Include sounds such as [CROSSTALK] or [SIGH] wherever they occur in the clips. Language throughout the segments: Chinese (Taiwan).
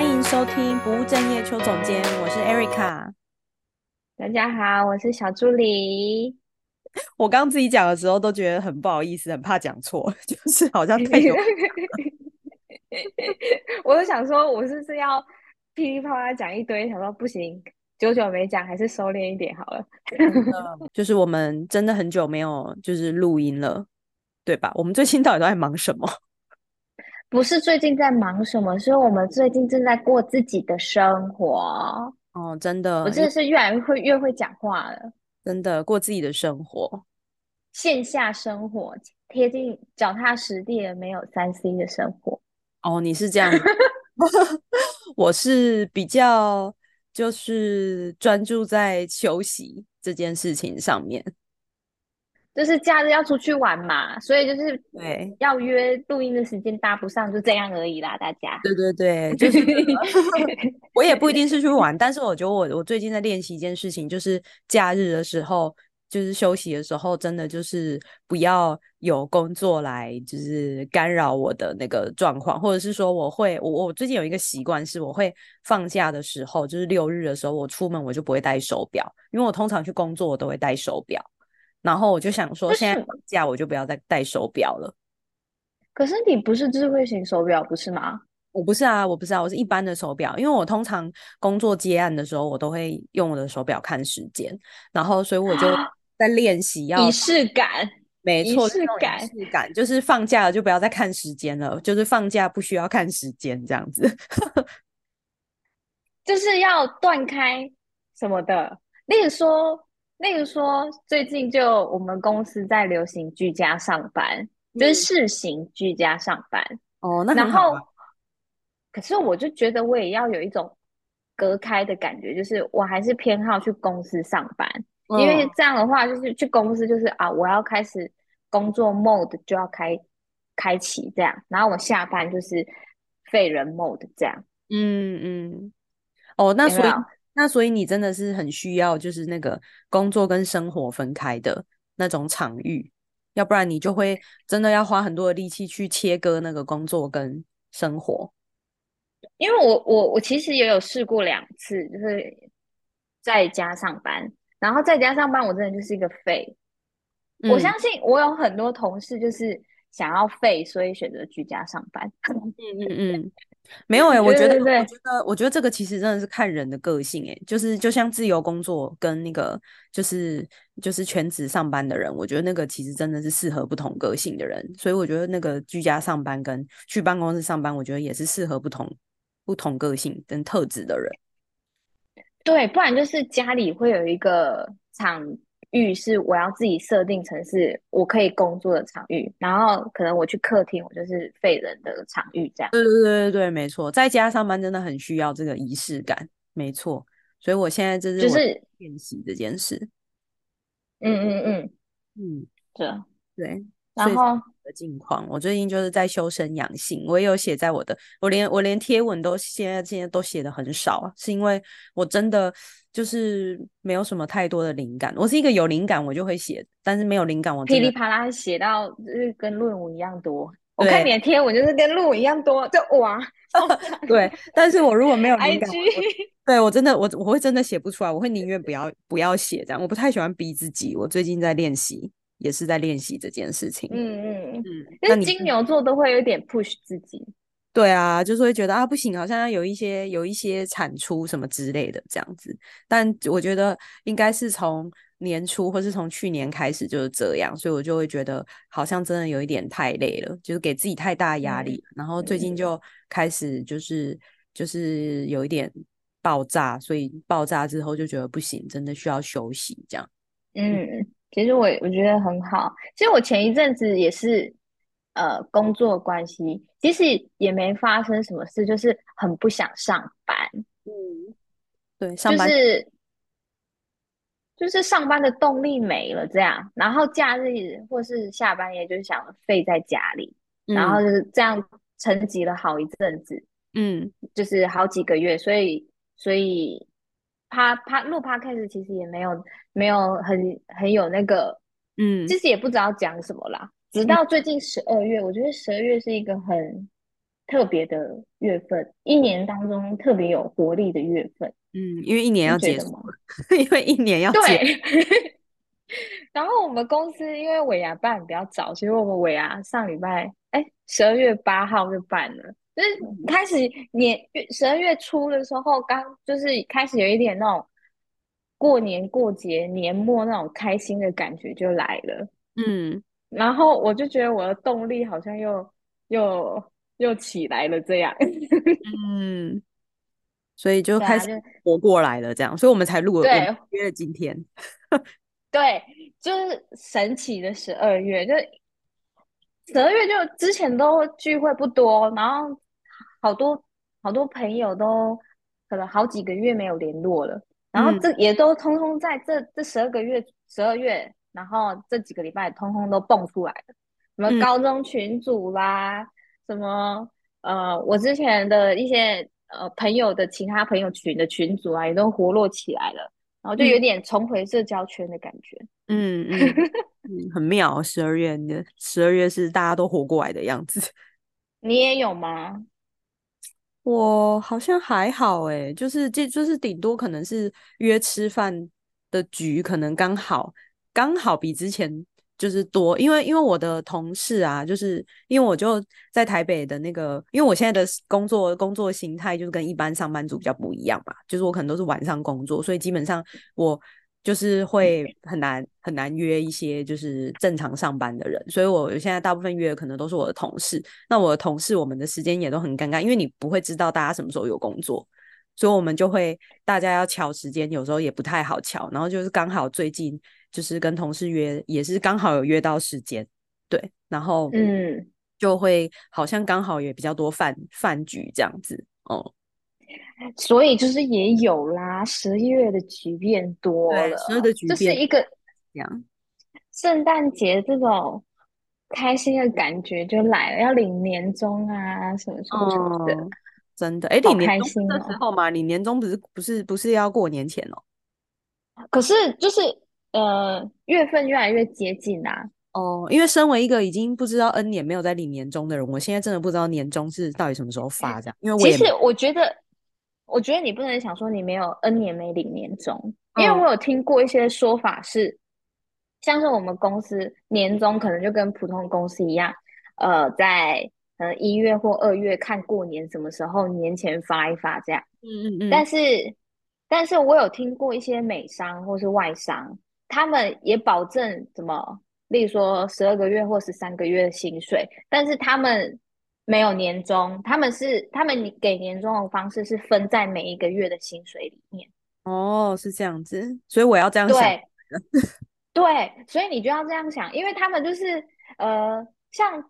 歡迎收聽《不務正業》，邱總監，我是 Erica。大家好，我是小助理。 [LAUGHS] 我剛自己講的時候都覺得很不好意思，很怕講錯，就是好像太有 [LAUGHS] [LAUGHS] 我就想說，我是不是要噼里啪啦講一堆，想說不行，久久沒講，還是收斂一點好了。 [LAUGHS] [LAUGHS] 就是我們真的很久沒有就是錄音了，對吧？我們最近到底都在忙什麼？不是最近在忙什麼，是我們最近正在過自己的生活。哦，真的，我真的是越來越會越，越會講話了。真的，過自己的生活，線下生活，貼近腳踏實地的沒有三 C 的生活。哦，你是這樣， [LAUGHS] [LAUGHS] 我是比較就是專注在休息這件事情上面。就是假日要出去玩嘛，所以就是對，嗯，要約錄音的時間搭不上，就這樣而已啦，大家。對對對，就是 [LAUGHS] [LAUGHS] 我也不一定是去玩， [LAUGHS] 但是我覺得我我最近在練習一件事情，就是假日的時候，就是休息的時候，真的就是不要有工作來就是干擾我的那個狀況，或者是說我會我我最近有一個習慣，是我會放假的時候，就是六日的時候，我出門我就不會戴手錶，因為我通常去工作我都會戴手錶。然後我就想說，現在放假我就不要再戴手錶了。可是你不是智慧型手錶，不是嗎？我不是啊，我不是啊，我是一般的手錶。因為我通常工作接案的時候，我都會用我的手錶看時間。然後，所以我就在練習要儀式、啊、感，沒錯，儀式感，儀式感就是放假了就不要再看時間了，就是放假不需要看時間，這樣子， [LAUGHS] 就是要斷開什麼的，例如說。那個說最近就我們公司在流行居家上班，嗯、就是試行居家上班哦。那然後，可是我就覺得我也要有一種隔開的感覺，就是我還是偏好去公司上班。嗯、因為這樣的話就是去公司就是啊，我要開始工作 mode 就要開開啟這樣，然後我下班就是廢人 mode 這樣。嗯嗯，哦，那所以。那所以你真的是很需要，就是那個工作跟生活分開的那種場域，要不然你就會真的要花很多的力氣去切割那個工作跟生活。因為我我我其實也有試過兩次，就是在家上班，然後在家上班我真的就是一個廢。嗯、我相信我有很多同事就是想要廢，所以選擇居家上班。嗯嗯嗯。 [LAUGHS] 沒有哎、欸，對對對，我覺得，我覺得，我覺得這個其實真的是看人的個性哎、欸，就是就像自由工作跟那個，就是就是全職上班的人，我覺得那個其實真的是適合不同個性的人，所以我覺得那個居家上班跟去辦公室上班，我覺得也是適合不同不同個性跟特質的人。對，不然就是家裡會有一個廠。域是我要自己設定成是我可以工作的場域，然後可能我去客廳，我就是廢人的場域這樣。對對對對沒錯，在家上班真的很需要這個儀式感，沒錯。所以我現在就是練習這件事。嗯嗯嗯嗯，對對。然後的近況，我最近就是在修身養性，我也有寫在我的，我連我連貼文都現在現在都寫的很少啊，是因為我真的。就是沒有什麼太多的靈感，我是一個有靈感我就會寫，但是沒有靈感我噼里啪啦寫到就是跟論文一樣多。對我看你的貼文就是跟論文一樣多，就哇。 [LAUGHS] 對，但是我如果沒有靈感，IG 我，對，我真的我我會真的寫不出來，我會寧願不要不要寫這樣。我不太喜歡逼自己，我最近在練習，也是在練習這件事情。嗯嗯嗯，那、嗯嗯、金牛座都會有點 push 自己。對啊，就是會覺得啊，不行，好像要有一些有一些產出什麼之類的這樣子。但我覺得應該是從年初或是從去年開始就是這樣，所以我就會覺得好像真的有一點太累了，就是給自己太大壓力。嗯、然後最近就開始就是、嗯、就是有一點爆炸，所以爆炸之後就覺得不行，真的需要休息這樣。嗯，嗯，其實我我覺得很好。其實我前一陣子也是。呃，工作關係其實也沒發生什麼事，就是很不想上班。嗯，對，上班，就是就是上班的動力沒了，這樣。然後假日或是下班也就想廢在家裡，嗯，然後就是這樣沉寂了好一陣子。嗯，就是好幾個月，所以所以趴趴，錄 Podcast 其實也沒有沒有很很有那個，嗯，其實也不知道講什麼啦。直到最近十二月，我覺得十二月是一個很特別的月份，一年當中特別有活力的月份。嗯，因為一年要結什麼？ [LAUGHS] 因為一年要結。對 [LAUGHS] 然後我們公司因為尾牙辦比較早，所以我們尾牙上禮拜哎，十二月八號就辦了，就是開始年月十二月初的時候，剛就是開始有一點那種過年過節年末那種開心的感覺就來了。嗯。然後我就覺得我的動力好像又又又起來了，這樣， [LAUGHS] 嗯，所以就開始活過來了，這樣，啊、所以我們才錄了約了對今天， [LAUGHS] 對，就是神奇的十二月，就十二月就之前都聚會不多，然後好多好多朋友都可能好幾個月沒有聯絡了，嗯、然後這也都通通在這這十二個月十二月。然後這幾個禮拜通通都蹦出來什麼高中群組啦，嗯、什麼呃，我之前的一些呃朋友的其他朋友群的群組啊，也都活絡起來了，然後就有點重回社交圈的感覺。嗯， [LAUGHS] 嗯，很妙，十二月，十二月是大家都活過來的樣子。你也有嗎？我好像還好哎、欸，就是這就是頂多可能是約吃飯的局，可能剛好。剛好比之前就是多，因為因為我的同事啊，就是因為我就在台北的那個，因為我現在的工作工作形態就跟一般上班族比較不一樣嘛，就是我可能都是晚上工作，所以基本上我就是會很難很難約一些就是正常上班的人，所以我現在大部分約的可能都是我的同事。那我的同事我們的時間也都很尷尬，因為你不會知道大家什麼時候有工作。所以我們就會大家要敲時間，有時候也不太好敲。然後就是剛好最近就是跟同事約，也是剛好有約到時間，對。然後嗯，就會好像剛好也比較多飯飯局這樣子，哦。所以就是也有啦，十一月的局變多了，十一月的局變就是一個這樣。聖誕節這種開心的感覺就來了，嗯、要領年終啊什麼什麼的。嗯真的哎，你年終的時候嘛，你、哦、年終不是不是不是要過年前哦？可是就是呃，月份越來越接近啦、啊。哦、呃，因為身為一個已經不知道 n 年沒有在領年終的人，我現在真的不知道年終是到底什麼時候發這樣。欸、因為我其實我覺得，我覺得你不能想說你沒有 n 年沒領年終，嗯、因為我有聽過一些說法是，像是我們公司年終可能就跟普通公司一樣，呃，在。呃，一月或二月看過年什麼時候，年前發一發這樣，嗯嗯嗯。但是，但是我有聽過一些美商或是外商，他們也保證什麼，例如說十二個月或十三個月的薪水，但是他們沒有年終，他們是他們給年終的方式是分在每一個月的薪水裡面。哦，是這樣子，所以我要這樣想對， [LAUGHS] 對，所以你就要這樣想，因為他們就是呃，像。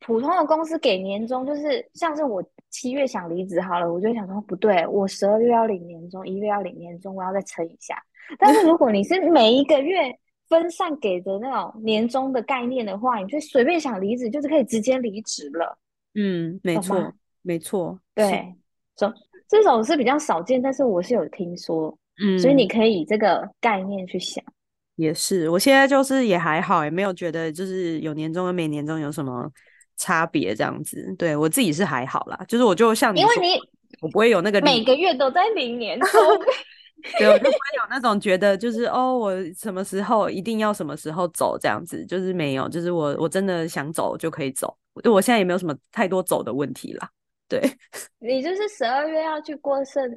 普通的公司給年終，就是像是我七月想離職好了，我就想說不對，我十二月要領年終，一月要領年終，我要再撐一下。但是如果你是每一個月分散給的那種年終的概念的話，你就隨便想離職，就是可以直接離職了。嗯，沒錯，嗎沒錯，對，這是這種是比較少見，但是我是有聽說，嗯，所以你可以以這個概念去想。也是，我現在就是也還好，也沒有覺得就是有年終和沒年終有什麼差別這樣子，對我自己是還好啦，就是我就像你，因為你我不會有那個每個月都在明年， [LAUGHS] [LAUGHS] 對，我就會有那種覺得就是哦，我什麼時候一定要什麼時候走這樣子，就是沒有，就是我我真的想走就可以走，對我現在也沒有什麼太多走的問題了。對，你就是十二月要去過聖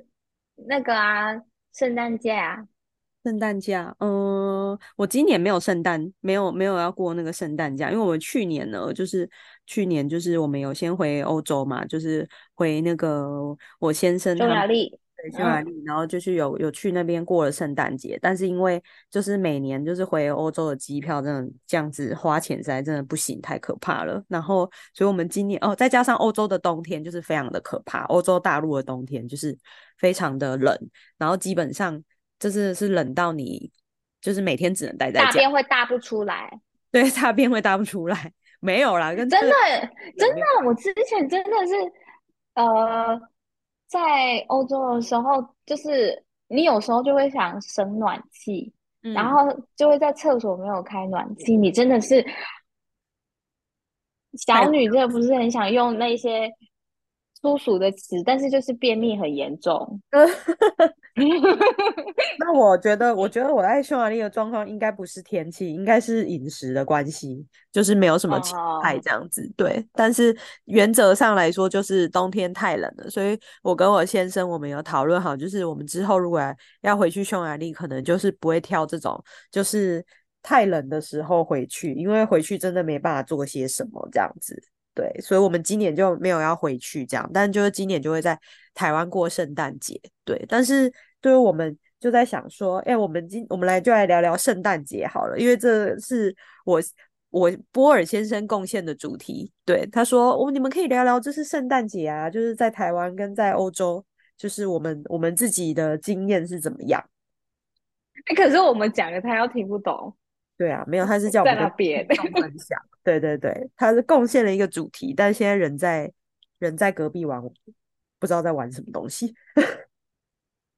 那個啊，聖誕假啊，聖誕假，嗯，我今年沒有聖誕，沒有沒有要過那個聖誕假，因為我去年呢就是。去年就是我們有先回歐洲嘛，就是回那個我先生，匈牙利，對匈牙利，嗯，然後就是有有去那邊過了聖誕節，但是因為就是每年就是回歐洲的機票，真的這樣子花錢實在真的不行，太可怕了。然後所以我們今年哦，再加上歐洲的冬天就是非常的可怕，歐洲大陸的冬天就是非常的冷，然後基本上就是是冷到你就是每天只能待在家，大便會大不出來，對，大便會大不出來。沒有啦，真的，真的，我之前真的是，呃，在歐洲的時候，就是你有時候就會想省暖氣，嗯、然後就會在廁所沒有開暖氣，你真的是，小女真的不是很想用那些粗俗的詞，但是就是便秘很嚴重。 [LAUGHS] [LAUGHS] 我覺得，我覺得我在匈牙利的狀況應該不是天氣，應該是飲食的關係，就是沒有什麼氣派這樣子。Oh. 對，但是原則上來說，就是冬天太冷了，所以我跟我先生我們有討論好，就是我們之後如果要回去匈牙利，可能就是不會挑這種，就是太冷的時候回去，因為回去真的沒辦法做些什麼這樣子。對，所以我們今年就沒有要回去這樣，但就是今年就會在台灣過聖誕節。對，但是對於我們。就在想說，哎、欸，我們今我們來就來聊聊聖誕節好了，因為這是我我波爾先生貢獻的主題。對他說，我、哦，你們可以聊聊，這是聖誕節啊，就是在台灣跟在歐洲，就是我們我們自己的經驗是怎麼樣？欸、可是我們講的他又聽不懂。對啊，沒有，他是叫我們別想 [LAUGHS] 對對對，他是貢獻了一個主題，但現在人在人在隔壁玩，不知道在玩什麼東西。 [LAUGHS]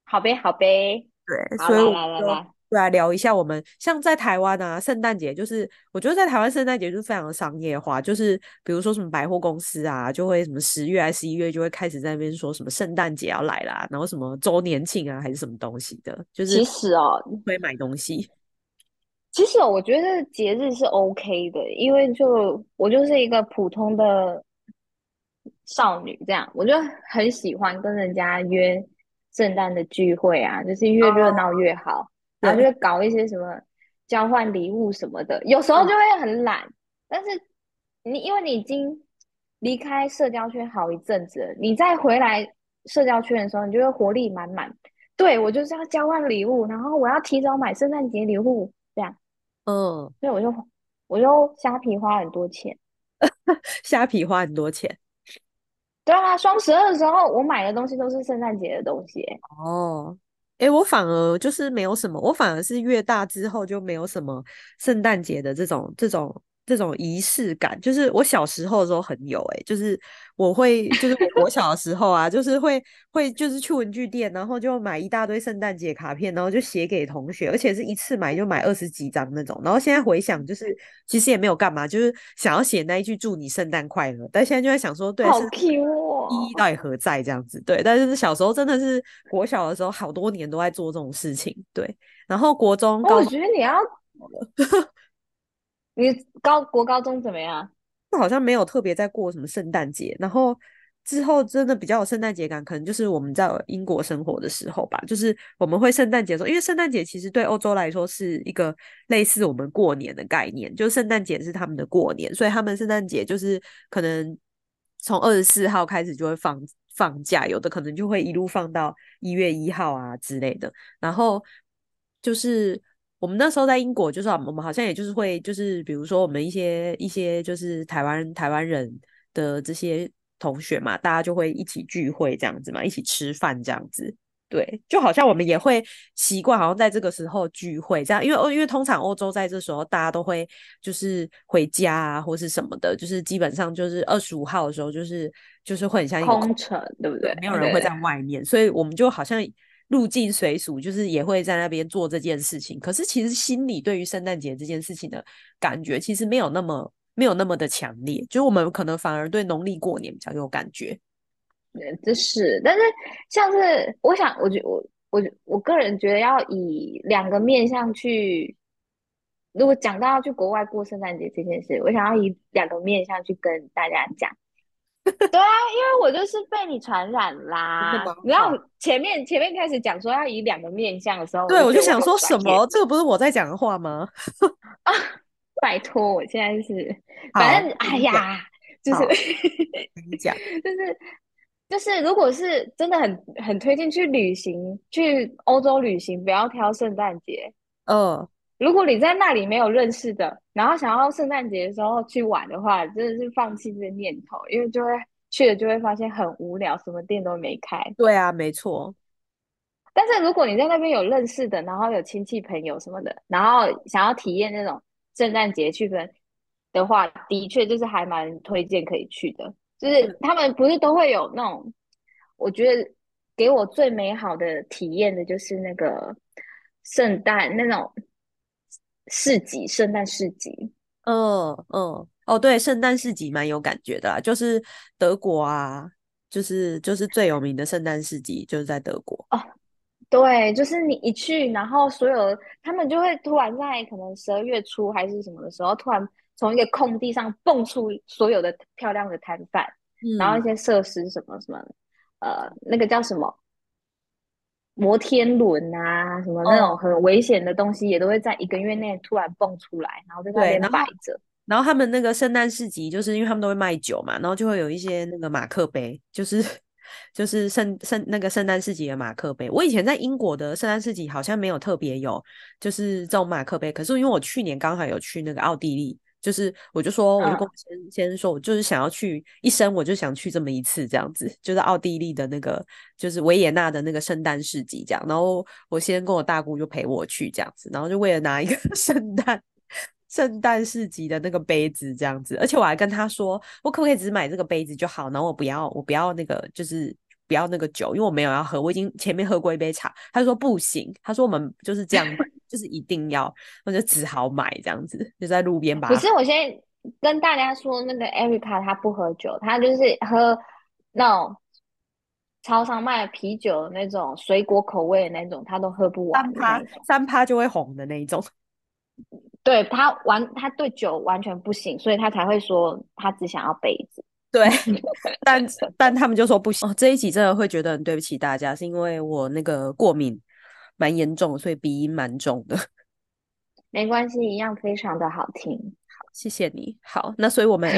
好唄，好唄。對，好所以我就來來來對來、啊、聊一下我們像在台灣啊，聖誕節就是我覺得在台灣聖誕節就是非常的商業化，就是比如說什麼百貨公司啊，就會什麼十月啊十一月就會開始在那邊說什麼聖誕節要來啦、啊，然後什麼週年慶啊還是什麼東西的，就是其實哦會買東西其、喔。其實我覺得節日是 OK 的，因為就我就是一個普通的少女，這樣我就很喜歡跟人家約。聖誕的聚會啊，就是越熱鬧越好，oh. 然後就搞一些什麼交換禮物什麼的。Oh. 有時候就會很懶，oh. 但是你因為你已經離開社交圈好一陣子了，你再回來社交圈的時候，你就會活力滿滿。對，我就是要交換禮物，然後我要提早買聖誕節禮物，這樣。嗯，oh. 所以我就我就蝦皮花很多錢，蝦 [LAUGHS] 皮花很多錢。對啊，雙十二的時候我買的東西都是聖誕節的東西。哦，哎、欸，我反而就是沒有什麼，我反而是越大之後就沒有什麼聖誕節的這種這種。這種儀式感，就是我小時候的時候很有哎、欸，就是我會，就是我小的時候啊， [LAUGHS] 就是會會就是去文具店，然後就買一大堆聖誕節卡片，然後就寫給同學，而且是一次買就買二十幾張那種。然後現在回想，就是其實也沒有幹嘛，就是想要寫那一句“祝你聖誕快樂”，但現在就在想說，對，好 Q 喔，意義到底何在這樣子？對，但是小時候真的是國小的時候，好多年都在做這種事情。對，然後國中，我覺得你要。 [LAUGHS] 你高國高中怎麼樣？好像沒有特別在過什麼聖誕節，然後之後真的比較有聖誕節感，可能就是我們在英國生活的時候吧。就是我們會聖誕節的時候，因為聖誕節其實對歐洲來說是一個類似我們過年的概念，就聖誕節是他們的過年，所以他們聖誕節就是可能從二十四號開始就會放放假，有的可能就會一路放到一月一號啊之類的。然後就是。我們那時候在英國，就是我們好像也就是會，就是比如說我們一些一些就是台灣台灣人的這些同學嘛，大家就會一起聚會這樣子嘛，一起吃飯這樣子。對，就好像我們也會習慣，好像在這個時候聚會這樣，因為因為通常歐洲在這時候大家都會就是回家啊，或是什麼的，就是基本上就是二十五號的時候，就是就是會很像一個空，空城，對不對？對，沒有人會在外面，對對對，所以我們就好像。入境隨俗，就是也會在那邊做這件事情。可是其實心裡對於聖誕節這件事情的感覺，其實沒有那麼沒有那麼的強烈。就我們可能反而對農曆過年比較有感覺。嗯，這是。但是像是我想，我覺我我我個人覺得要以兩個面向去，如果講到要去國外過聖誕節這件事，我想要以兩個面向去跟大家講。 [LAUGHS] 對啊，因為我就是被你傳染啦。然後前面，前面開始講說要以兩個面向的時候，對，我就，我，我就想說什麼，這個不是我在講的話嗎？ [LAUGHS] 啊、拜託，我現在是，反正好哎呀，就是跟你講，就是就是，如果是真的很很推薦去旅行，去歐洲旅行，不要挑聖誕節，嗯、呃。如果你在那裡沒有認識的，然後想要聖誕節的時候去玩的話，真的是放棄這個念頭，因為就會去了就會發現很無聊，什麼店都沒開。對啊，沒錯。但是如果你在那邊有認識的，然後有親戚朋友什麼的，然後想要體驗那種聖誕節氣氛的話，的確就是還蠻推薦可以去的。就是他們不是都會有那種，我覺得給我最美好的體驗的就是那個聖誕那種。市集，聖誕市集，嗯嗯，哦，對，聖誕市集蠻有感覺的啦，就是德國啊，就是就是最有名的聖誕市集就是在德國哦。對，就是你一去，然後所有他們就會突然在可能十二月初還是什麼的時候，突然從一個空地上蹦出所有的漂亮的攤販，嗯，然後一些設施什麼什麼，呃，那個叫什麼？摩天輪啊，什麼那種很危險的東西，oh. 也都會在一個月內突然蹦出來，然後就在那邊擺着。然後他們那個聖誕市集，就是因為他們都會賣酒嘛，然後就會有一些那個馬克杯，就是就是聖聖那個聖誕市集的馬克杯。我以前在英國的聖誕市集好像沒有特別有，就是這種馬克杯。可是因為我去年剛好有去那個奧地利。就是，我就說，我就跟我先生先生說，我就是想要去，一生我就想去這麼一次，這樣子，就是奧地利的那個，就是維也納的那個聖誕市集這樣。然後我先生跟我大姑就陪我去這樣子，然後就為了拿一個聖誕聖誕市集的那個杯子這樣子，而且我還跟他說，我可不可以只買這個杯子就好，然後我不要，我不要那個就是。不要那個酒，因為我沒有要喝，我已經前面喝過一杯茶。他就說不行，他說我們就是這樣， [LAUGHS] 就是一定要，我就只好買，這樣子，就在路邊吧。不是，我先跟大家說，那個 Erica 他不喝酒，他就是喝那種超商賣的啤酒的那種水果口味的那種，他都喝不完，三趴三趴就會紅的那一種。對他完，他對酒完全不行，所以他才會說他只想要杯子。 [LAUGHS] 對，但但他們就說不行。哦，這一集真的會覺得很對不起大家，是因為我那個過敏蠻嚴重，蠻嚴重，所以鼻音蠻重的。沒關係，一樣非常的好聽。好，謝謝你。好，那所以我們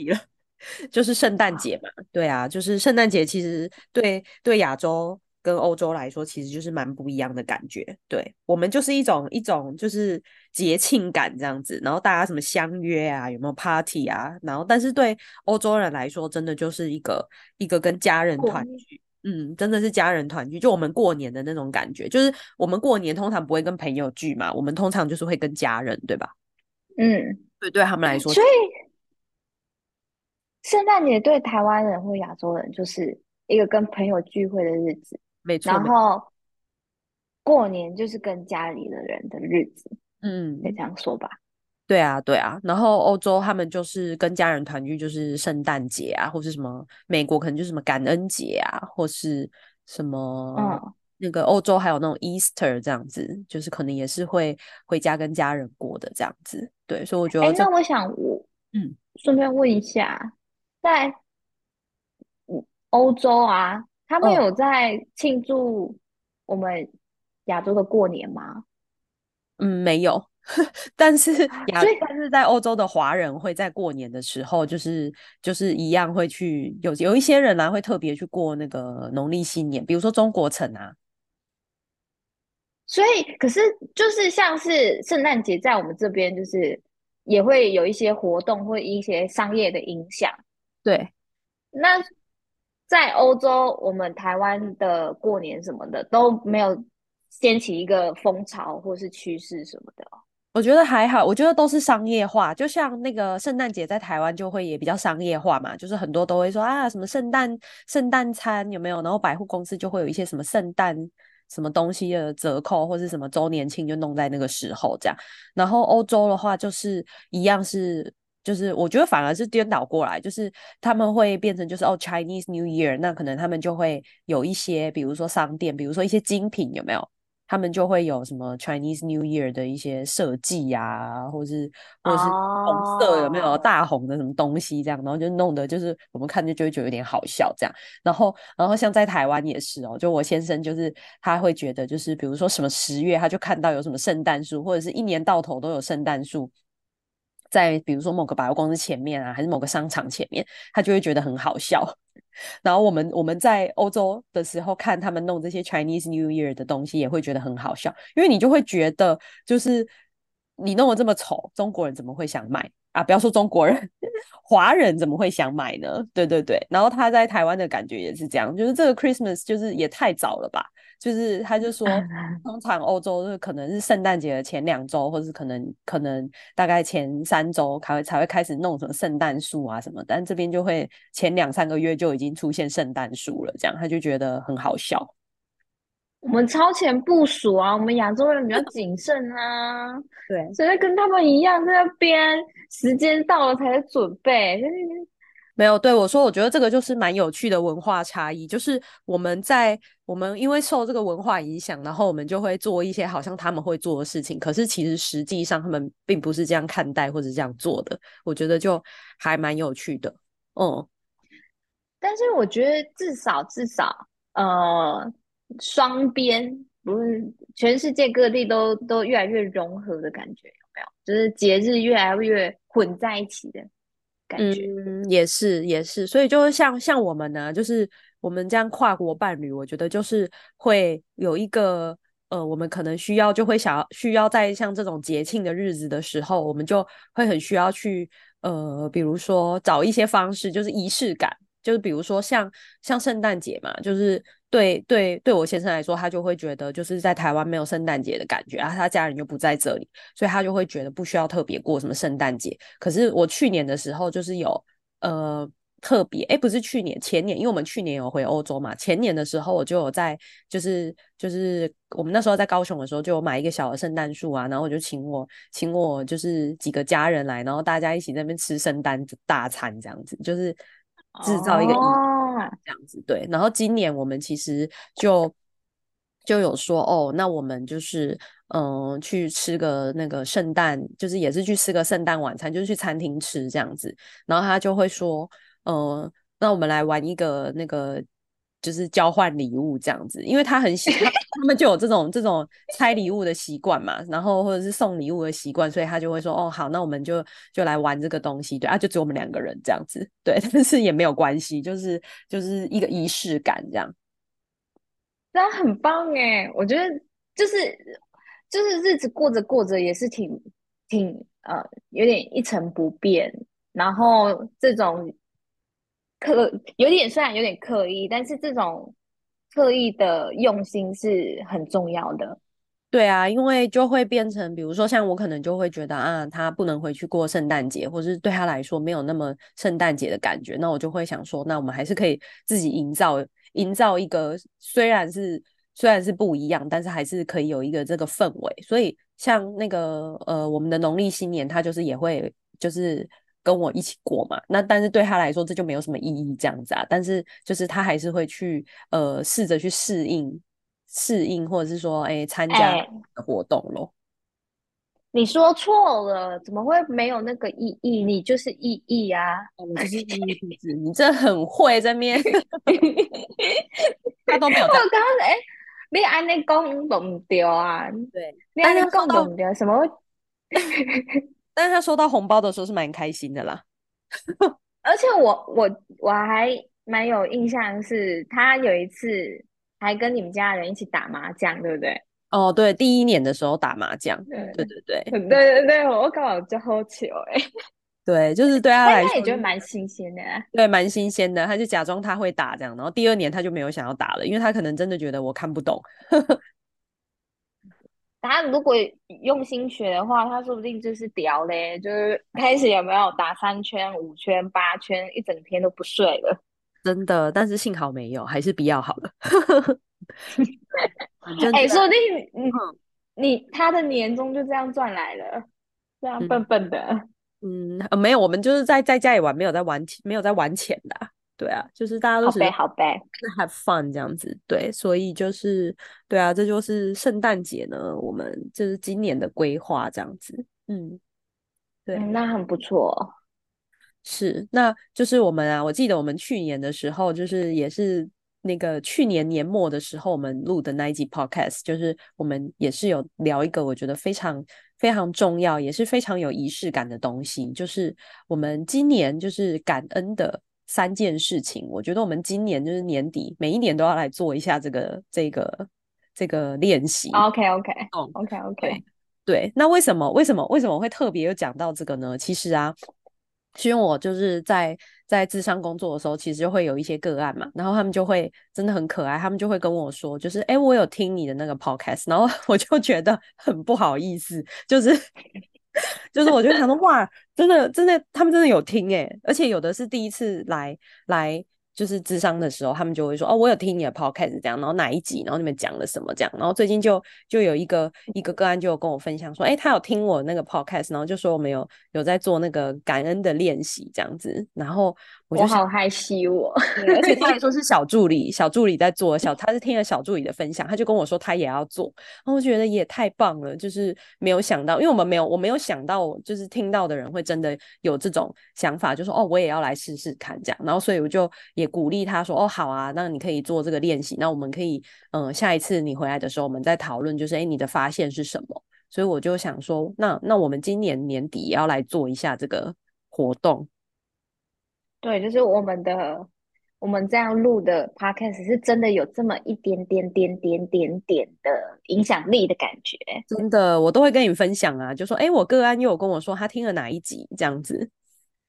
[LAUGHS] 就是聖誕節嘛。好對啊，就是聖誕節，其實對對亞洲。跟歐洲來說，其實就是蠻不一樣的感覺。對，我們就是一種一種就是節慶感這樣子，然後大家什麼相約啊，有沒有 party 啊？然後，但是對歐洲人來說，真的就是一個一個跟家人團聚，嗯，嗯，真的是家人團聚。就我們過年的那種感覺，就是我們過年通常不會跟朋友聚嘛，我們通常就是會跟家人，對吧？嗯，對，對，對他們來說，所以聖誕節對台灣人或亞洲人就是一個跟朋友聚會的日子。沒錯，然後過年就是跟家裡的人的日子，嗯，可以這樣說吧。對啊，對啊。然後歐洲他們就是跟家人團聚，就是聖誕節啊，或是什麼？美國可能就是什麼感恩節啊，或是什麼？那個歐洲還有那種 Easter 這樣子，嗯、就是可能也是會回家跟家人過的這樣子。對，所以我覺得這，哎、欸，那我想我嗯，順便問一下，嗯、在歐洲啊。他們有在慶祝我們亞洲的過年嗎？嗯，沒有。 [LAUGHS] 但是，亞但是在歐洲的華人會在過年的時候，就是就是一樣會去有有一些人呢會特別去過那個農曆新年，比如說中國城啊。所以，可是就是像是聖誕節，在我們這邊就是也會有一些活動或一些商業的影響。對，那。在歐洲，我們台灣的過年什麼的都沒有掀起一個風潮或是趨勢什麼的。我覺得還好，我覺得都是商業化，就像那個聖誕節在台灣就會也比較商業化嘛，就是很多都會說啊什麼聖誕聖誕餐有沒有，然後百貨公司就會有一些什麼聖誕什麼東西的折扣，或是什麼週年慶就弄在那個時候這樣。然後歐洲的話就是一樣是。就是我覺得反而是顛倒過來，就是他們會變成就是哦、oh、Chinese New Year。那可能他們就會有一些，比如說商店，比如說一些精品有沒有？他們就會有什麼 Chinese New Year 的一些設計啊，或者是或者是紅色有沒有大紅的什麼東西這樣，然後就弄得就是我們看就就覺得有點好笑這樣。然後然後像在台灣也是哦，就我先生就是他會覺得就是比如說什麼十月他就看到有什麼聖誕樹，或者是一年到頭都有聖誕樹。在比如說某個百貨公司前面啊，還是某個商場前面，他就會覺得很好笑。然後我們我們在歐洲的時候看他們弄這些 Chinese New Year 的東西，也會覺得很好笑，因為你就會覺得就是你弄得這麼醜，中國人怎麼會想買？啊，不要說中國人，華人怎麼會想買呢？對對對。然後他在台灣的感覺也是這樣，就是這個 Christmas 就是也太早了吧。就是他就說，通常歐洲是可能是聖誕節的前兩周，或是可能可能大概前三周才會才會開始弄成聖誕樹啊什麼的，但這邊就會前兩三個月就已經出現聖誕樹了，這樣他就覺得很好笑。我們超前部署啊，我們亞洲人比較謹慎啊， [LAUGHS] 對，所以跟他們一樣在那邊時間到了才準備。 [LAUGHS] 沒有對我說，我覺得這個就是蠻有趣的文化差異，就是我們在。我們因為受這個文化影響，然後我們就會做一些好像他們會做的事情，可是其實實際上他們並不是這樣看待或者這樣做的。我覺得就還蠻有趣的，嗯。但是我覺得至少至少呃，雙邊不是全世界各地都都越來越融合的感覺，有沒有？就是節日越來越混在一起的感覺。嗯，也是也是，所以就像像我們呢，就是。我們這樣跨國伴侶，我覺得就是會有一個呃，我們可能需要就會想要需要在像這種節慶的日子的時候，我們就會很需要去呃，比如說找一些方式，就是儀式感，就是比如說像像聖誕節嘛，就是對對對我先生來說，他就會覺得就是在台灣沒有聖誕節的感覺啊，然後他家人就不在這裡，所以他就會覺得不需要特別過什麼聖誕節。可是我去年的時候就是有呃。特別哎、欸，不是去年前年，因為我們去年有回歐洲嘛，前年的時候我就有在就是就是我們那時候在高雄的時候，就有買一個小的聖誕樹啊，然後我就請我請我就是幾個家人來，然後大家一起在那邊吃聖誕大餐這樣子，就是制造一個音樂這樣子、oh. 對。然後今年我們其實就就有說哦，那我們就是嗯去吃個那個聖誕，就是也是去吃個聖誕晚餐，就是去餐廳吃這樣子，然後他就會說。呃，那我們來玩一個那個，就是交換禮物這樣子，因為他很喜歡，他，他們就有這種這種拆禮物的習慣嘛，然後或者是送禮物的習慣，所以他就會說，哦，好，那我們就就來玩這個東西。對啊，就只有我們兩個人這樣子，對，但是也沒有關係，就是就是一個儀式感這樣，那很棒哎。我覺得就是就是日子過着過着也是挺挺呃有點一成不變，然後這種。刻有點，雖然有點刻意，但是這種刻意的用心是很重要的。對啊，因為就會變成，比如說像我可能就會覺得啊，他不能回去過聖誕節，或是對他來說沒有那麼聖誕節的感覺，那我就會想說，那我們還是可以自己營造營造一個，雖然是雖然是不一樣，但是還是可以有一個這個氛圍。所以像那個呃，我們的農曆新年，他就是也會就是。跟我一起過嘛？那但是對他來說這就沒有什麼意義這樣子啊。但是就是他還是會去呃試着去適應適應，適應或者是說哎參加活動咯。欸，你說錯了，怎麼會沒有那個意義？你就是意義啊！你是意義句子，你這很會在面。他都沒有。我剛剛哎，你安尼講懂掉啊？對，對你安尼講懂不掉什麼？ [LAUGHS] 但是他收到紅包的時候是蠻開心的啦，而且我我我還蠻有印象，是他有一次還跟你們家人一起打麻將，對不對？哦，對，第一年的時候打麻將，嗯、對對對，對對對，我剛好就喝酒。哎，對，就是對他來說他也覺得蠻新鮮的、啊，對，蠻新鮮的，他就假裝他會打這樣，然後第二年他就沒有想要打了，因為他可能真的覺得我看不懂。 [LAUGHS] 他如果用心學的話，他說不定就是屌嘞，就是開始有沒有打三圈、五圈、八圈，一整天都不睡了。真的，但是幸好沒有，還是比較好 [LAUGHS] [LAUGHS] 的。哎、欸，說不定嗯你，你他的年終就這樣賺來了，這樣笨笨的。嗯，嗯、呃，沒有，我們就是在在家裡玩，沒有在玩，沒有在玩錢的啊。對啊，就是大家都好唄好唄，就是 have fun 這樣子。對，所以就是對啊，這就是聖誕節呢。我們這是今年的規劃這樣子。嗯，對，嗯，那很不錯。是，那就是我們啊。我記得我們去年的時候，就是也是那個去年年末的時候，我們錄的那一集 podcast，就是我們也是有聊一個我覺得非常非常重要，也是非常有儀式感的東西，就是我們今年就是感恩的三件事情，我覺得我們今年就是年底，每一年都要來做一下這個這個這個練習。OK OK，OK OK，, okay, okay. 對。那為什麼為什麼為什麼我會特別有講到這個呢？其實啊，是因為我就是在在智商工作的時候，其實就會有一些個案嘛，然後他們就會真的很可愛，他們就會跟我說，就是哎，我有聽你的那個 Podcast，然後我就覺得很不好意思，就是。 [LAUGHS] [LAUGHS] 就是我覺得他們的話真的真的， [LAUGHS] 他們真的有聽哎、欸，而且有的是第一次來來。就是諮商的時候，他們就會說哦，我有聽你的 podcast 這樣，然後哪一集，然後你們講了什麼這樣，然後最近就就有一個一個個案就跟我分享說，哎、欸，他有聽我那個 podcast，然後就說我們有有在做那個感恩的練習這樣子，然後我就我好害羞我， [LAUGHS] 而且他還說是小助理，小助理在做小，他是聽了小助理的分享，他就跟我說他也要做，然後我覺得也太棒了，就是沒有想到，因為我們沒有我沒有想到就是聽到的人會真的有這種想法，就說哦我也要來試試看這樣，然後所以我就。也鼓勵他說：“哦，好啊，那你可以做這個練習。那我們可以，嗯、呃，下一次你回來的時候，我們再討論，就是哎、欸，你的發現是什麼？所以我就想說，那那我們今年年底也要來做一下這個活動。對，就是我們的，我們這樣錄的 Podcast 是真的有這麼一點點點點點點的影響力的感覺。真的，我都會跟你分享啊，就說，哎、欸，我個案又有跟我說他聽了哪一集這樣子，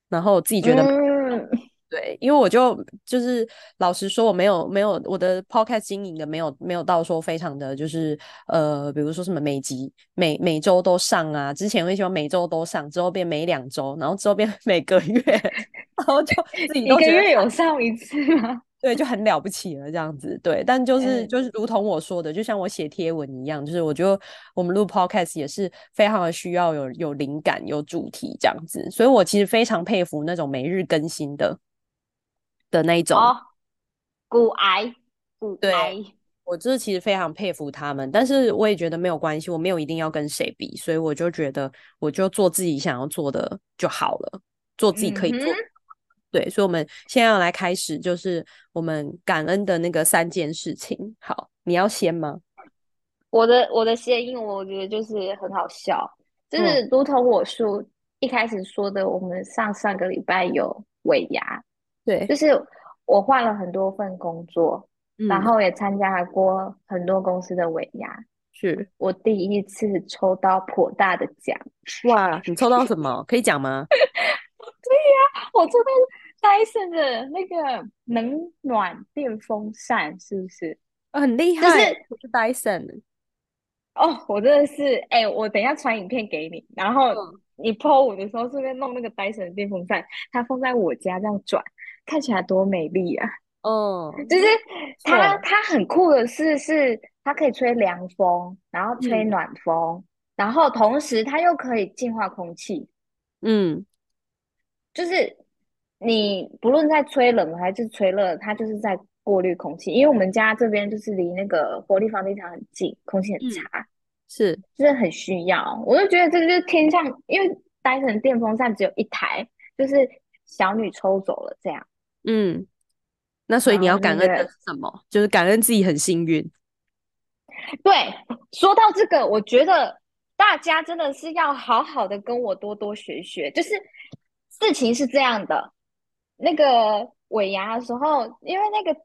然後自己覺得。嗯”對，因為我就就是，老實說，我沒有沒有我的 podcast 經營的沒有沒有到說非常的，就是呃，比如說什麼每集每每周都上啊，之前會希望每周都上，之後變每兩周，然後之後變每個月，然後就自己都一個月有上一次嗎？ [LAUGHS] 對，就很了不起了這樣子。對，但就是就是如同我說的，就像我寫貼文一樣，就是我覺得我們錄 podcast 也是非常的需要有有靈感、有主題這樣子，所以我其實非常佩服那種每日更新的。的那一種，骨癌、哦，骨癌。我就是其實非常佩服他們，但是我也覺得沒有關係，我沒有一定要跟誰比，所以我就覺得我就做自己想要做的就好了，做自己可以做。嗯、哼對，所以，我們現在要來開始，就是我們感恩的那個三件事情。好，你要先嗎？我的我的諧音，我覺得就是很好笑，就是如同我說、嗯、一開始說的，我們上上個禮拜有尾牙。對，就是我換了很多份工作，嗯、然後也參加了過很多公司的尾牙，是我第一次抽到頗大的獎，哇！你抽到什麼？ [LAUGHS] 可以講嗎？對呀、啊，我抽到戴森的那個冷暖電風扇，是不是？很厲害，就是戴森哦，yson oh, 我真的是，哎、欸，我等一下傳影片給你，然後你 PO 我的時候順便弄那個戴森的電風扇，它放在我家這樣轉。看起來多美麗啊！哦，oh, 就是它，是它很酷的是，是它可以吹涼風，然後吹暖風，嗯、然後同時它又可以淨化空氣。嗯，就是你不論在吹冷還是吹熱，它就是在過濾空氣。因為我們家這邊就是離那個活力房地產很近，空氣很差，嗯、是就是很需要。我就覺得這個就是天上，因為單純電風扇只有一台，就是小女抽走了這樣。嗯，那所以你要感恩的是什麼？嗯、對對就是感恩自己很幸運。對，說到這個，我覺得大家真的是要好好的跟我多多學學。就是事情是這樣的，那個尾牙的時候，因為那個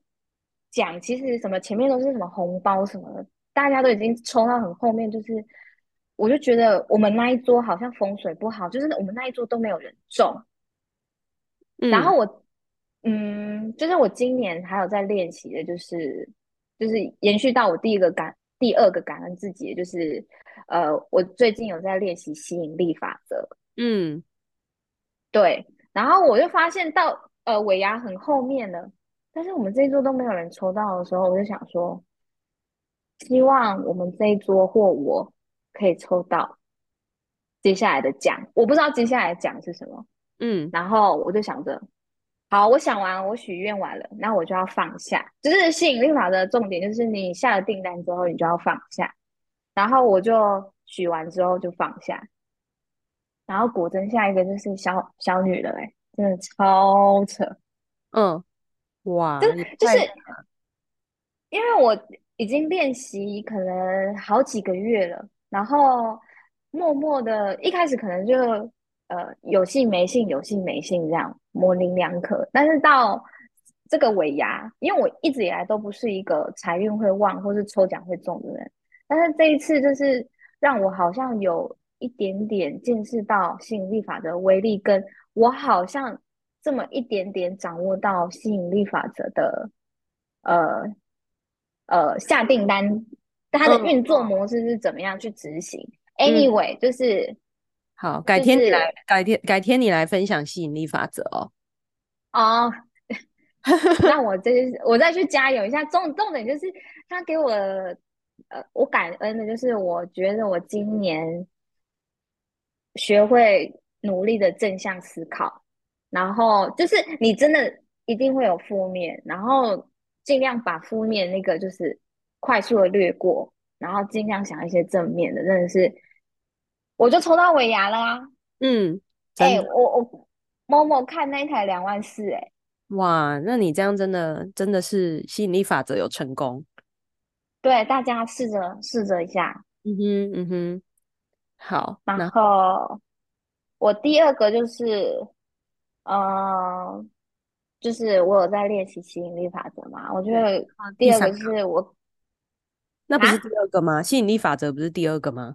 獎其實什麼前面都是什麼紅包什麼的，大家都已經抽到很後面，就是我就覺得我們那一桌好像風水不好，就是我們那一桌都沒有人中。嗯、然後我。嗯，就是我今年還有在練習的，就是就是延續到我第一個感第二個感恩自己，就是呃，我最近有在練習吸引力法則，嗯，對，然後我就發現到呃尾牙很後面了，但是我們這一桌都沒有人抽到的時候，我就想說，希望我們這一桌或我可以抽到接下來的獎，我不知道接下來獎是什麼，嗯，然後我就想着。好，我想完了，我許願完了，那我就要放下。就是吸引力法則的重點，就是你下了訂單之後，你就要放下。然後我就許完之後就放下。然後果真下一個就是小小女的哎、欸，真的超扯。嗯，哇，就，就是，因為我已經練習可能好幾個月了，然後默默的，一開始可能就。呃，有信沒信，有信沒信，這樣模棱兩可。但是到這個尾牙，因為我一直以來都不是一個財運會旺或是抽獎會中的人，但是這一次就是讓我好像有一點點見識到吸引力法則的威力，跟我好像這麼一點點掌握到吸引力法則的呃呃下訂單，但它的運作模式是怎麼樣去執行？嗯。Anyway，就是。好，改天你來，改天改天你來分享吸引力法則哦。哦，uh, [LAUGHS] 那我再、就是、我再去加油一下。重重點就是，他給我呃，我感恩的就是，我覺得我今年學會努力的正向思考，然後就是你真的一定會有負面，然後盡量把負面那個就是快速的略過，然後盡量想一些正面的，真的是。我就抽到尾牙了啊！嗯，哎、欸，我我摸摸看那一台兩萬四，哎，哇，那你這樣真的真的是吸引力法則有成功？對，大家試着試着一下，嗯哼，嗯哼，好。然後那我第二個就是，呃，就是我有在練習吸引力法則嘛？我覺得、呃、第二個就是我……那不是第二個嗎？啊、吸引力法則不是第二個嗎？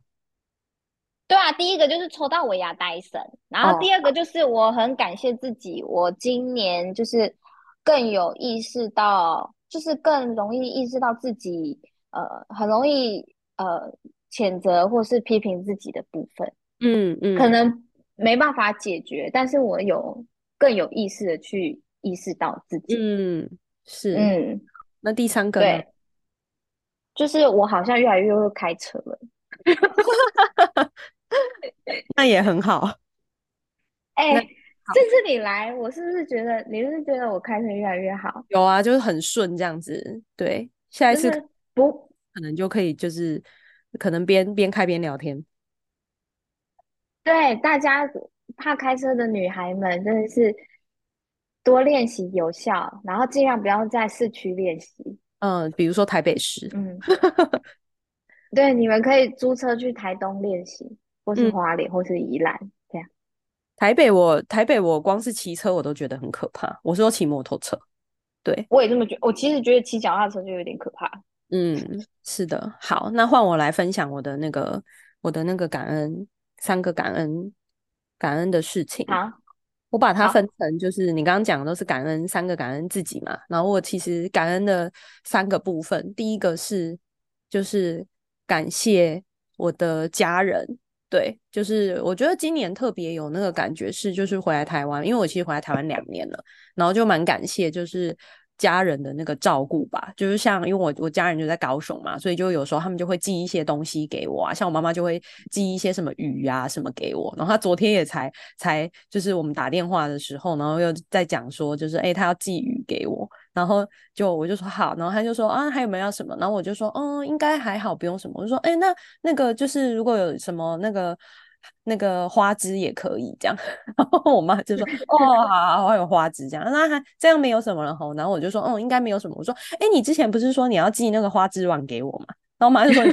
對啊，第一個就是抽到我呀，戴森，然後第二個就是我很感謝自己，哦、我今年就是更有意識到，就是更容易意識到自己呃很容易呃譴責或是批評自己的部分，嗯嗯，嗯可能沒辦法解決，嗯、但是我有更有意識的去意識到自己，嗯是嗯，是嗯，那第三個對就是我好像越來越會開車了。 [LAUGHS] [LAUGHS] 那也很好。哎、欸，這次你來，我是不是覺得你是不是覺得我開車越來越好？有啊，就是很順這樣子。對，下一次不，可能就可以，就是可能邊邊開邊聊天。對，大家怕開車的女孩們，真的是多練習有效，然後盡量不要在市區練習。嗯，比如說台北市。嗯， [LAUGHS] 對，你們可以租車去台東練習。或是花蓮，嗯、或是宜蘭，這樣。台北我，我台北，我光是騎車我都覺得很可怕。我說騎摩托車，對，我也這麼覺得。我其實覺得騎腳踏車就有點可怕。嗯，是的。好，那換我來分享我的那個，我的那個感恩，三個感恩，感恩的事情啊。我把它分成，就是、啊、你剛剛講的都是感恩，三個感恩自己嘛。然後我其實感恩的三個部分，第一個是就是感謝我的家人。對，就是我覺得今年特別有那個感覺是，就是回來台灣，因為我其實回來台灣兩年了，然後就蠻感謝就是家人的那個照顧吧，就是像因為我我家人就在高雄嘛，所以就有時候他們就會寄一些東西給我啊，像我媽媽就會寄一些什麼魚啊什麼給我，然後他昨天也才才就是我們打電話的時候，然後又在講說就是哎，他要寄魚給我。然後就我就說好，然後他就說啊，還有沒有要什麼？然後我就說嗯，應該還好，不用什麼。我就說哎、欸、那那個就是如果有什麼那個那個花枝也可以這樣。然後我媽就說哦，好好、好、好，還有花枝這樣，那還這樣沒有什麼了哈。然後我就說嗯，應該沒有什麼。我說哎、欸、你之前不是說你要寄那個花枝丸給我嗎？然後我媽就說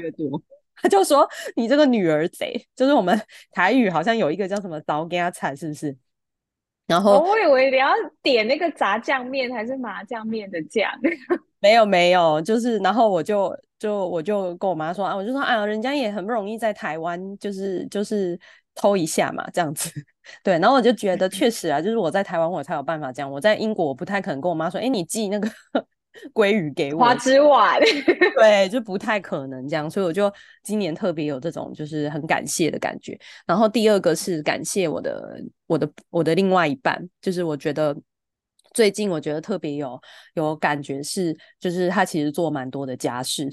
越多， [LAUGHS] [LAUGHS] 他就說你這個女兒賊，就是我們台語好像有一個叫什麼給家鏟是不是？然後哦、我以為你要點那個炸醬麵還是麻醬麵的醬？ [LAUGHS] 沒有沒有，就是然後我就就我就跟我媽說啊，我就說啊、哎，人家也很不容易在台灣，就是就是偷一下嘛，這樣子。對，然後我就覺得確實啊， [LAUGHS] 就是我在台灣我才有辦法這樣，我在英國我不太可能跟我媽說，哎、欸，你寄那個。 [LAUGHS] 鮭魚給我，花之外，對，就不太可能這樣，所以我就今年特別有這種就是很感謝的感覺。然後第二個是感謝我的我的我的另外一半，就是我覺得最近我覺得特別有有感覺是，就是他其實做蠻多的家事，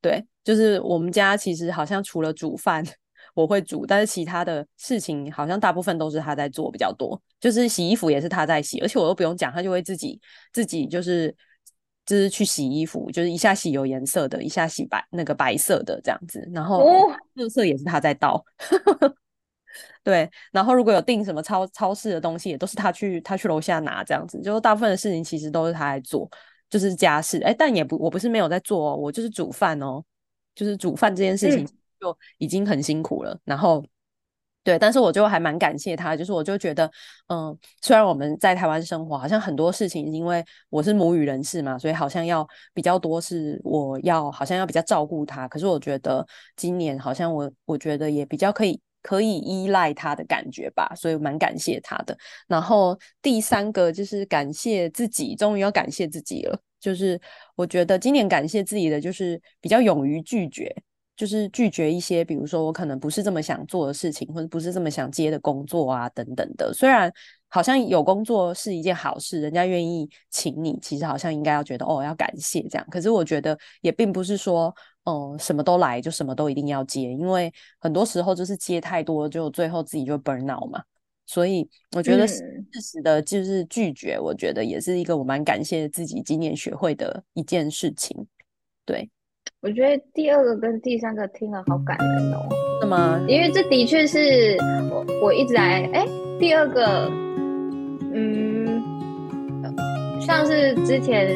對，就是我們家其實好像除了煮飯我會煮，但是其他的事情好像大部分都是他在做比較多，就是洗衣服也是他在洗，而且我都不用講，他就會自己自己就是。就是去洗衣服，就是一下洗有顏色的，一下洗白那個白色的這樣子，然後垃圾也是他在倒， [LAUGHS] 對。然後如果有訂什麼超超市的東西，也都是他去他去樓下拿這樣子，就是大部分的事情其實都是他在做，就是家事。哎、欸，但也不我不是沒有在做、哦，我就是煮飯哦，就是煮飯這件事情就已經很辛苦了，嗯、然後。對，但是我就還蠻感謝他，就是我就覺得，嗯，雖然我們在台灣生活，好像很多事情，因為我是母語人士嘛，所以好像要比較多是我要，好像要比較照顧他。可是我覺得今年好像我我覺得也比較可以，可以依賴他的感覺吧，所以蠻感謝他的。然後第三個就是感謝自己，終於要感謝自己了，就是我覺得今年感謝自己的就是比較勇於拒絕。就是拒絕一些，比如說我可能不是這麼想做的事情，或者不是這麼想接的工作啊，等等的。雖然好像有工作是一件好事，人家願意請你，其實好像應該要覺得哦，要感謝這樣。可是我覺得也並不是說，哦、呃，什麼都來就什麼都一定要接，因為很多時候就是接太多，就最後自己就 burn out 嘛。所以我覺得事實的就是拒絕，嗯、我覺得也是一個我蠻感謝自己今年學會的一件事情，對。我覺得第二個跟第三個聽了好感人哦、喔，是嗎？因為這的確是我，我一直在哎、欸，第二個，嗯，像是之前，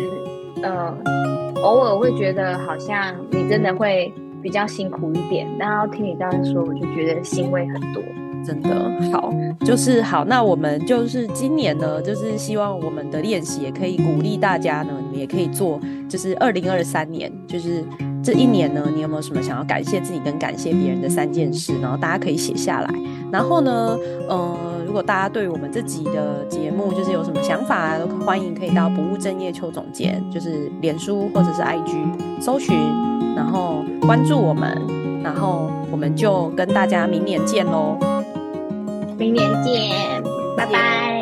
呃，偶爾會覺得好像你真的會比較辛苦一點，然後聽你這樣說，我就覺得欣慰很多。真的好，就是好，那我們就是今年呢，就是希望我們的練習也可以鼓勵大家呢，你們也可以做，就是二零二三年，就是。這一年呢，你有沒有什麼想要感謝自己跟感謝別人的三件事？然後大家可以寫下來。然後呢，嗯、呃，如果大家對我們自己的節目就是有什麼想法，都歡迎可以到不務正業邱總監，就是臉書或者是 IG 搜尋，然後關注我們，然後我們就跟大家明年見嘍。明年見，拜拜。